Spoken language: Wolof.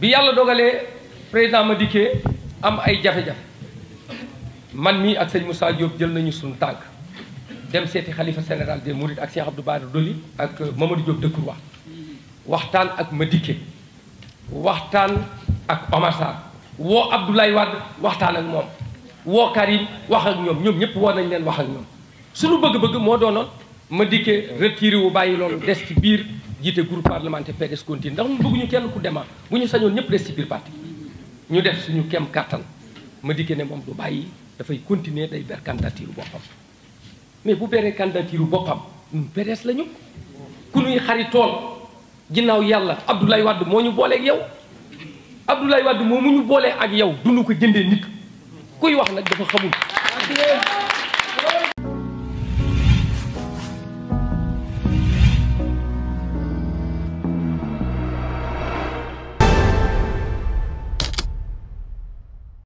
bi yàlla dogalee président ma dikkee am ay jafe-jafe man mii ak sëñ Moussa Diop jël nañu suñu tànk dem seeti xalifa général des Mourides ak Cheikh Abdou Bara Dolly ak Mamadou Diop Decroix waxtaan ak ma dikkee waxtaan ak Omar Sarr woo Abdoulaye Wade waxtaan ak moom woo Karim wax ak ñoom ñoom ñëpp woo nañ leen wax ak ñoom suñu bëgg-bëgg moo doonoon ma dikkee retiré wu bàyyi loolu des ci biir jiite groupe parlementaire PDS continue ndax mu bëgguñu kenn ku dema bu ñu sañoon ñëpp des ci biir parti ñu def suñu kem kàttan ma dikkee ne moom du bàyyi dafay continuer day ber candidature boppam mais bu beree candidature boppam ñun PDS la ñu ku ñuy tool ginnaaw yàlla Abdoulaye Wade moo ñu booleeg yow Abdoulaye Wade moo mu ñu boolee ak yow dund ko jëndee nit kuy wax nag dafa xamul